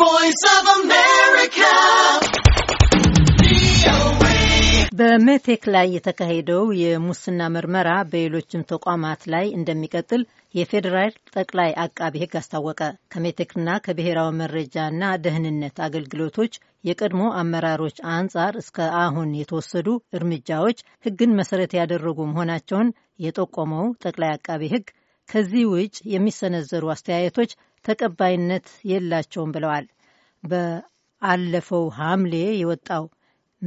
voice of America. በሜቴክ ላይ የተካሄደው የሙስና ምርመራ በሌሎችም ተቋማት ላይ እንደሚቀጥል የፌዴራል ጠቅላይ አቃቢ ሕግ አስታወቀ። ከሜቴክና ከብሔራዊ መረጃና ደህንነት አገልግሎቶች የቀድሞ አመራሮች አንጻር እስከ አሁን የተወሰዱ እርምጃዎች ሕግን መሰረት ያደረጉ መሆናቸውን የጠቆመው ጠቅላይ አቃቢ ሕግ ከዚህ ውጭ የሚሰነዘሩ አስተያየቶች ተቀባይነት የላቸውም ብለዋል። በአለፈው ሐምሌ የወጣው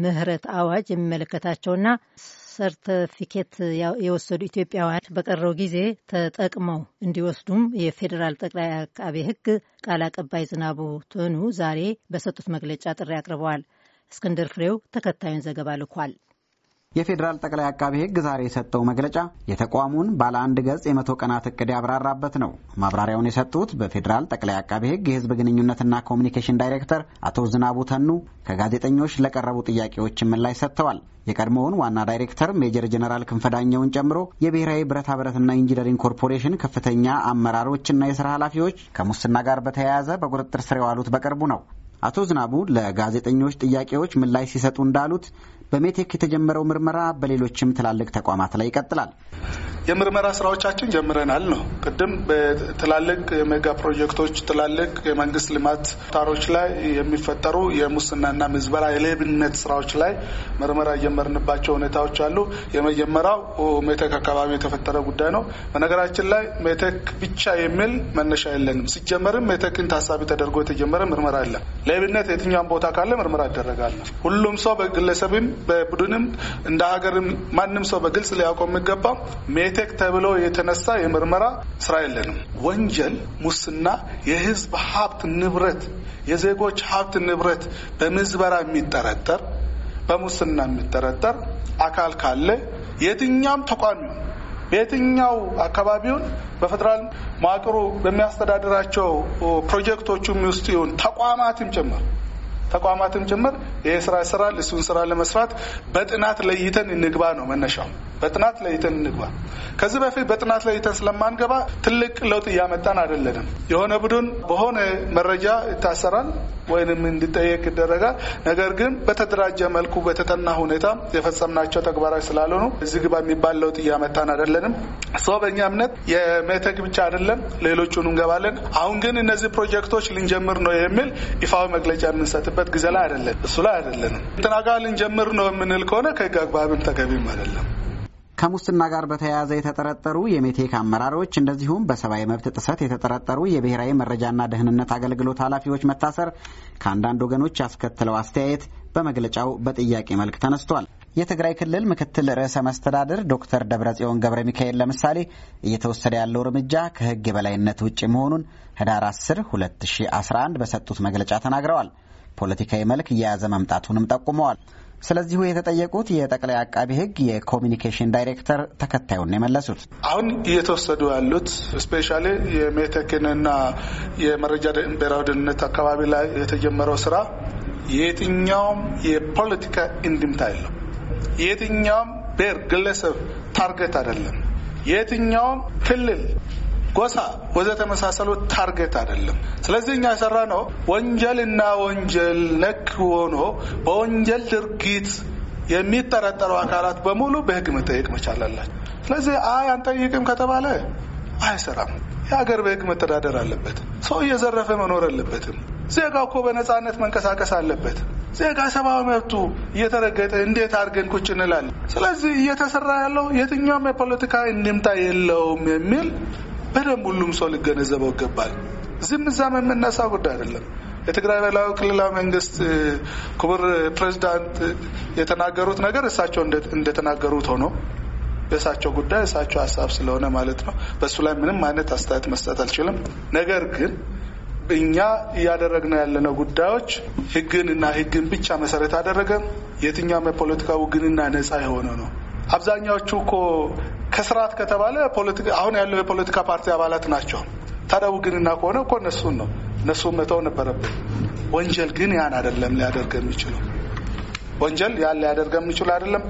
ምህረት አዋጅ የሚመለከታቸውና ሰርተፊኬት የወሰዱ ኢትዮጵያውያን በቀረው ጊዜ ተጠቅመው እንዲወስዱም የፌዴራል ጠቅላይ አቃቤ ሕግ ቃል አቀባይ ዝናቡ ትኑ ዛሬ በሰጡት መግለጫ ጥሪ አቅርበዋል። እስክንድር ፍሬው ተከታዩን ዘገባ ልኳል። የፌዴራል ጠቅላይ አቃቤ ሕግ ዛሬ የሰጠው መግለጫ የተቋሙን ባለ አንድ ገጽ የመቶ ቀናት እቅድ ያብራራበት ነው። ማብራሪያውን የሰጡት በፌዴራል ጠቅላይ አቃቤ ሕግ የሕዝብ ግንኙነትና ኮሚኒኬሽን ዳይሬክተር አቶ ዝናቡ ተኑ ከጋዜጠኞች ለቀረቡ ጥያቄዎችን ምላሽ ሰጥተዋል። የቀድሞውን ዋና ዳይሬክተር ሜጀር ጀነራል ክንፈዳኘውን ጨምሮ የብሔራዊ ብረታ ብረትና ኢንጂነሪንግ ኮርፖሬሽን ከፍተኛ አመራሮችና የስራ ኃላፊዎች ከሙስና ጋር በተያያዘ በቁጥጥር ስር የዋሉት በቅርቡ ነው። አቶ ዝናቡ ለጋዜጠኞች ጥያቄዎች ምላሽ ሲሰጡ እንዳሉት በሜቴክ የተጀመረው ምርመራ በሌሎችም ትላልቅ ተቋማት ላይ ይቀጥላል። የምርመራ ስራዎቻችን ጀምረናል ነው። ቅድም በትላልቅ የሜጋ ፕሮጀክቶች ትላልቅ የመንግስት ልማት ታሮች ላይ የሚፈጠሩ የሙስናና ምዝበራ የሌብነት ስራዎች ላይ ምርመራ የጀመርንባቸው ሁኔታዎች አሉ። የመጀመሪያው ሜቴክ አካባቢ የተፈጠረ ጉዳይ ነው። በነገራችን ላይ ሜቴክ ብቻ የሚል መነሻ የለንም። ሲጀመርም ሜቴክን ታሳቢ ተደርጎ የተጀመረ ምርመራ የለም። ሌብነት የትኛውን ቦታ ካለ ምርመራ ይደረጋል። ሁሉም ሰው በግለሰብም በቡድንም እንደ ሀገርም ማንም ሰው በግልጽ ሊያውቀው የሚገባ ቴክ ተብሎ የተነሳ የምርመራ ስራ የለንም። ወንጀል፣ ሙስና የህዝብ ሀብት ንብረት፣ የዜጎች ሀብት ንብረት በምዝበራ የሚጠረጠር በሙስና የሚጠረጠር አካል ካለ የትኛም ተቋሚ በየትኛው አካባቢውን በፌዴራል መዋቅሩ በሚያስተዳድራቸው ፕሮጀክቶቹም ውስጥ ይሁን ተቋማትም ጭምር ተቋማትም ጭምር ይሄ ስራ ይሰራል። እሱን ስራ ለመስራት በጥናት ለይተን እንግባ ነው መነሻው። በጥናት ለይተን እንግባ። ከዚህ በፊት በጥናት ለይተን ስለማንገባ ትልቅ ለውጥ እያመጣን አይደለንም። የሆነ ቡድን በሆነ መረጃ ይታሰራል ወይንም እንዲጠየቅ ይደረጋል። ነገር ግን በተደራጀ መልኩ በተጠና ሁኔታ የፈጸምናቸው ተግባራዊ ስላልሆኑ እዚህ ግባ የሚባል ለውጥ እያመጣን አይደለንም። ሰው በእኛ እምነት የሜቴክ ብቻ አይደለም፣ ሌሎቹን እንገባለን። አሁን ግን እነዚህ ፕሮጀክቶች ልንጀምር ነው የሚል ይፋዊ መግለጫ የምንሰጥ የምንሄድበት ጊዜ ላይ አይደለም። እሱ ላይ አይደለንም። ጥናጋ ልንጀምር ነው የምንል ከሆነ ከህግ አግባብም ተገቢም አይደለም። ከሙስና ጋር በተያያዘ የተጠረጠሩ የሜቴክ አመራሮች እንደዚሁም በሰብአዊ መብት ጥሰት የተጠረጠሩ የብሔራዊ መረጃና ደህንነት አገልግሎት ኃላፊዎች መታሰር ከአንዳንድ ወገኖች ያስከተለው አስተያየት በመግለጫው በጥያቄ መልክ ተነስቷል። የትግራይ ክልል ምክትል ርዕሰ መስተዳድር ዶክተር ደብረጽዮን ገብረ ሚካኤል ለምሳሌ እየተወሰደ ያለው እርምጃ ከህግ የበላይነት ውጭ መሆኑን ህዳር 10 2011 በሰጡት መግለጫ ተናግረዋል። ፖለቲካዊ መልክ እየያዘ መምጣቱንም ጠቁመዋል። ስለዚሁ የተጠየቁት የጠቅላይ አቃቢ ሕግ የኮሚኒኬሽን ዳይሬክተር ተከታዩን የመለሱት አሁን እየተወሰዱ ያሉት ስፔሻሊ የሜቴክንና የመረጃ ብሔራዊ ደህንነት አካባቢ ላይ የተጀመረው ስራ የትኛውም የፖለቲካ እንድምታ የለው። የትኛውም ብሔር ግለሰብ ታርጌት አይደለም። የትኛውም ክልል ጎሳ ወዘ መሳሰሉት ታርጌት አይደለም። ስለዚህ እኛ የሰራ ነው እና ወንጀል ነክ ሆኖ በወንጀል ድርጊት የሚጠረጠሩ አካላት በሙሉ በህግ መጠየቅ መቻል አላቸው። ስለዚህ አይ አንጠይቅም ከተባለ አይሰራም። የሀገር በህግ መተዳደር አለበት። ሰው እየዘረፈ መኖር አለበትም። ዜጋ እኮ በነጻነት መንቀሳቀስ አለበት። ዜጋ ሰብአዊ መብቱ እየተረገጠ እንዴት አድርገን ቁጭ እንላለን? ስለዚህ እየተሰራ ያለው የትኛውም የፖለቲካ እንድምታ የለውም የሚል በደንብ ሁሉም ሰው ሊገነዘበው ይገባል። ዝም ዛም የምነሳው ጉዳይ አይደለም። የትግራይ ብሔራዊ ክልላዊ መንግስት ክቡር ፕሬዚዳንት የተናገሩት ነገር እሳቸው እንደተናገሩት ሆኖ የእሳቸው ጉዳይ እሳቸው ሀሳብ ስለሆነ ማለት ነው። በእሱ ላይ ምንም አይነት አስተያየት መስጠት አልችልም። ነገር ግን እኛ እያደረግነው ያለነው ጉዳዮች ህግን እና ህግን ብቻ መሰረት አደረገ የትኛውም የፖለቲካ ውግንና ነጻ የሆነ ነው። አብዛኛዎቹ እኮ ከስርዓት ከተባለ አሁን ያለው የፖለቲካ ፓርቲ አባላት ናቸው። ታዲያ ውግንና ከሆነ እኮ እነሱን ነው እነሱን መተው ነበረብን። ወንጀል ግን ያን አይደለም ሊያደርግ የሚችለው ወንጀል ያን ሊያደርግ የሚችለው አይደለም።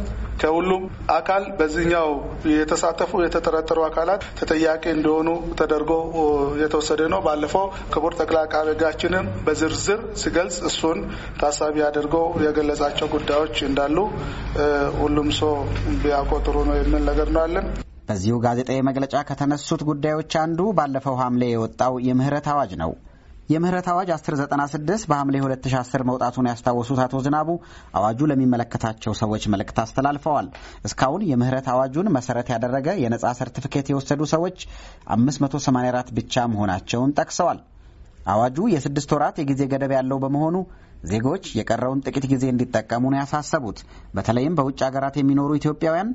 ከሁሉም አካል በዚህኛው የተሳተፉ የተጠረጠሩ አካላት ተጠያቂ እንደሆኑ ተደርጎ የተወሰደ ነው። ባለፈው ክቡር ጠቅላይ አቃቤ ሕጋችንም በዝርዝር ሲገልጽ እሱን ታሳቢ አድርገው የገለጻቸው ጉዳዮች እንዳሉ ሁሉም ሰው ቢያቆጥሩ ነው የሚል ነገር ነው ያለን። በዚሁ ጋዜጣዊ መግለጫ ከተነሱት ጉዳዮች አንዱ ባለፈው ሐምሌ የወጣው የምህረት አዋጅ ነው። የምህረት አዋጅ 1096 በሐምሌ 2010 መውጣቱን ያስታወሱት አቶ ዝናቡ አዋጁ ለሚመለከታቸው ሰዎች መልእክት አስተላልፈዋል። እስካሁን የምህረት አዋጁን መሰረት ያደረገ የነጻ ሰርቲፊኬት የወሰዱ ሰዎች 584 ብቻ መሆናቸውን ጠቅሰዋል። አዋጁ የስድስት ወራት የጊዜ ገደብ ያለው በመሆኑ ዜጎች የቀረውን ጥቂት ጊዜ እንዲጠቀሙ ነው ያሳሰቡት። በተለይም በውጭ ሀገራት የሚኖሩ ኢትዮጵያውያን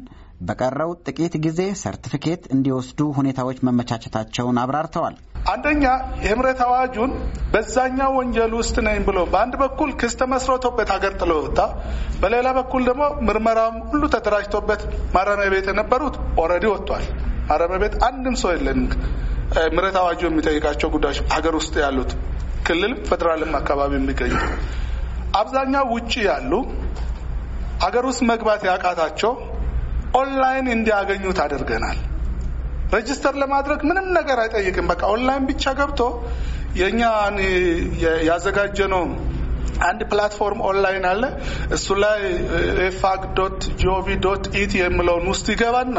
በቀረው ጥቂት ጊዜ ሰርቲፊኬት እንዲወስዱ ሁኔታዎች መመቻቸታቸውን አብራርተዋል። አንደኛ የህምረት አዋጁን በዛኛው ወንጀል ውስጥ ነኝ ብሎ በአንድ በኩል ክስ ተመስርቶበት ሀገር ጥሎ ወጣ፣ በሌላ በኩል ደግሞ ምርመራም ሁሉ ተደራጅቶበት ማረሚያ ቤት የነበሩት ኦልሬዲ ወጥቷል። ማረሚያ ቤት አንድም ሰው የለን። ምረት አዋጁ የሚጠይቃቸው ጉዳዮች ሀገር ውስጥ ያሉት ክልልም ፌዴራልም አካባቢ የሚገኙ አብዛኛው ውጪ ያሉ ሀገር ውስጥ መግባት ያቃታቸው ኦንላይን እንዲያገኙ ታደርገናል። ሬጅስተር ለማድረግ ምንም ነገር አይጠይቅም። በቃ ኦንላይን ብቻ ገብቶ የእኛ ያዘጋጀነው አንድ ፕላትፎርም ኦንላይን አለ። እሱ ላይ ኤፋግ ዶት ጂኦቪ ዶት የሚለውን ውስጥ ይገባና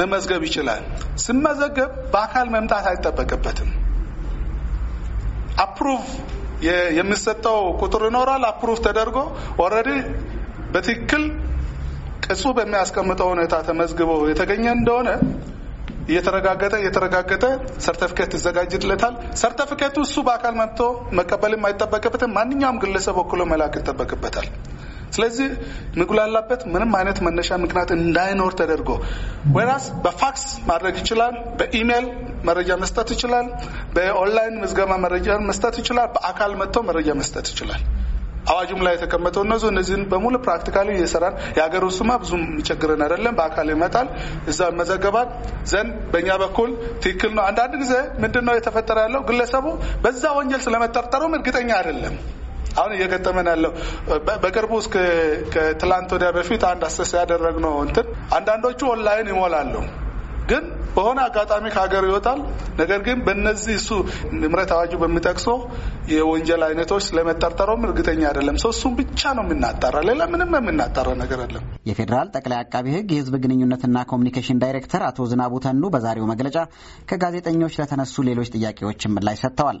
መመዝገብ ይችላል። ስመዘገብ በአካል መምጣት አይጠበቅበትም። አፕሩቭ የሚሰጠው ቁጥር ይኖራል። አፕሩቭ ተደርጎ ኦልሬዲ በትክክል ቅጹ በሚያስቀምጠው ሁኔታ ተመዝግቦ የተገኘ እንደሆነ እየተረጋገጠ እየተረጋገጠ ሰርተፍኬት ይዘጋጅለታል። ሰርተፍኬቱ እሱ በአካል መጥቶ መቀበልም አይጠበቅበትም። ማንኛውም ግለሰብ ወክሎ መላክ ይጠበቅበታል። ስለዚህ የሚጉላላበት ምንም አይነት መነሻ ምክንያት እንዳይኖር ተደርጎ ወይራስ በፋክስ ማድረግ ይችላል፣ በኢሜይል መረጃ መስጠት ይችላል፣ በኦንላይን ምዝገባ መረጃ መስጠት ይችላል፣ በአካል መጥቶ መረጃ መስጠት ይችላል። አዋጁም ላይ የተቀመጠው እነዚህ እነዚህን በሙሉ ፕራክቲካሊ እየሰራን የሀገር ውስጥማ ብዙም የሚቸግረን አይደለም። በአካል ይመጣል እዛ መዘገባል ዘንድ በእኛ በኩል ትክክል ነው። አንዳንድ ጊዜ ምንድን ነው የተፈጠረ ያለው ግለሰቡ በዛ ወንጀል ስለመጠርጠሩም እርግጠኛ አይደለም። አሁን እየገጠመን ያለው በቅርቡ እስከ ከትላንት ወዲያ በፊት አንድ አሰሳ ያደረግነው እንትን አንዳንዶቹ ኦንላይን ይሞላሉ ግን በሆነ አጋጣሚ ከሀገር ይወጣል። ነገር ግን በእነዚህ እሱ ምረት አዋጁ በሚጠቅሶ የወንጀል አይነቶች ስለመጠርጠረውም እርግጠኛ አይደለም። ሰው እሱም ብቻ ነው የምናጣራ፣ ሌላ ምንም የምናጣራ ነገር የለም። የፌዴራል ጠቅላይ አቃቢ ሕግ የህዝብ ግንኙነትና ኮሚኒኬሽን ዳይሬክተር አቶ ዝናቡ ተኑ በዛሬው መግለጫ ከጋዜጠኞች ለተነሱ ሌሎች ጥያቄዎች ምላሽ ሰጥተዋል።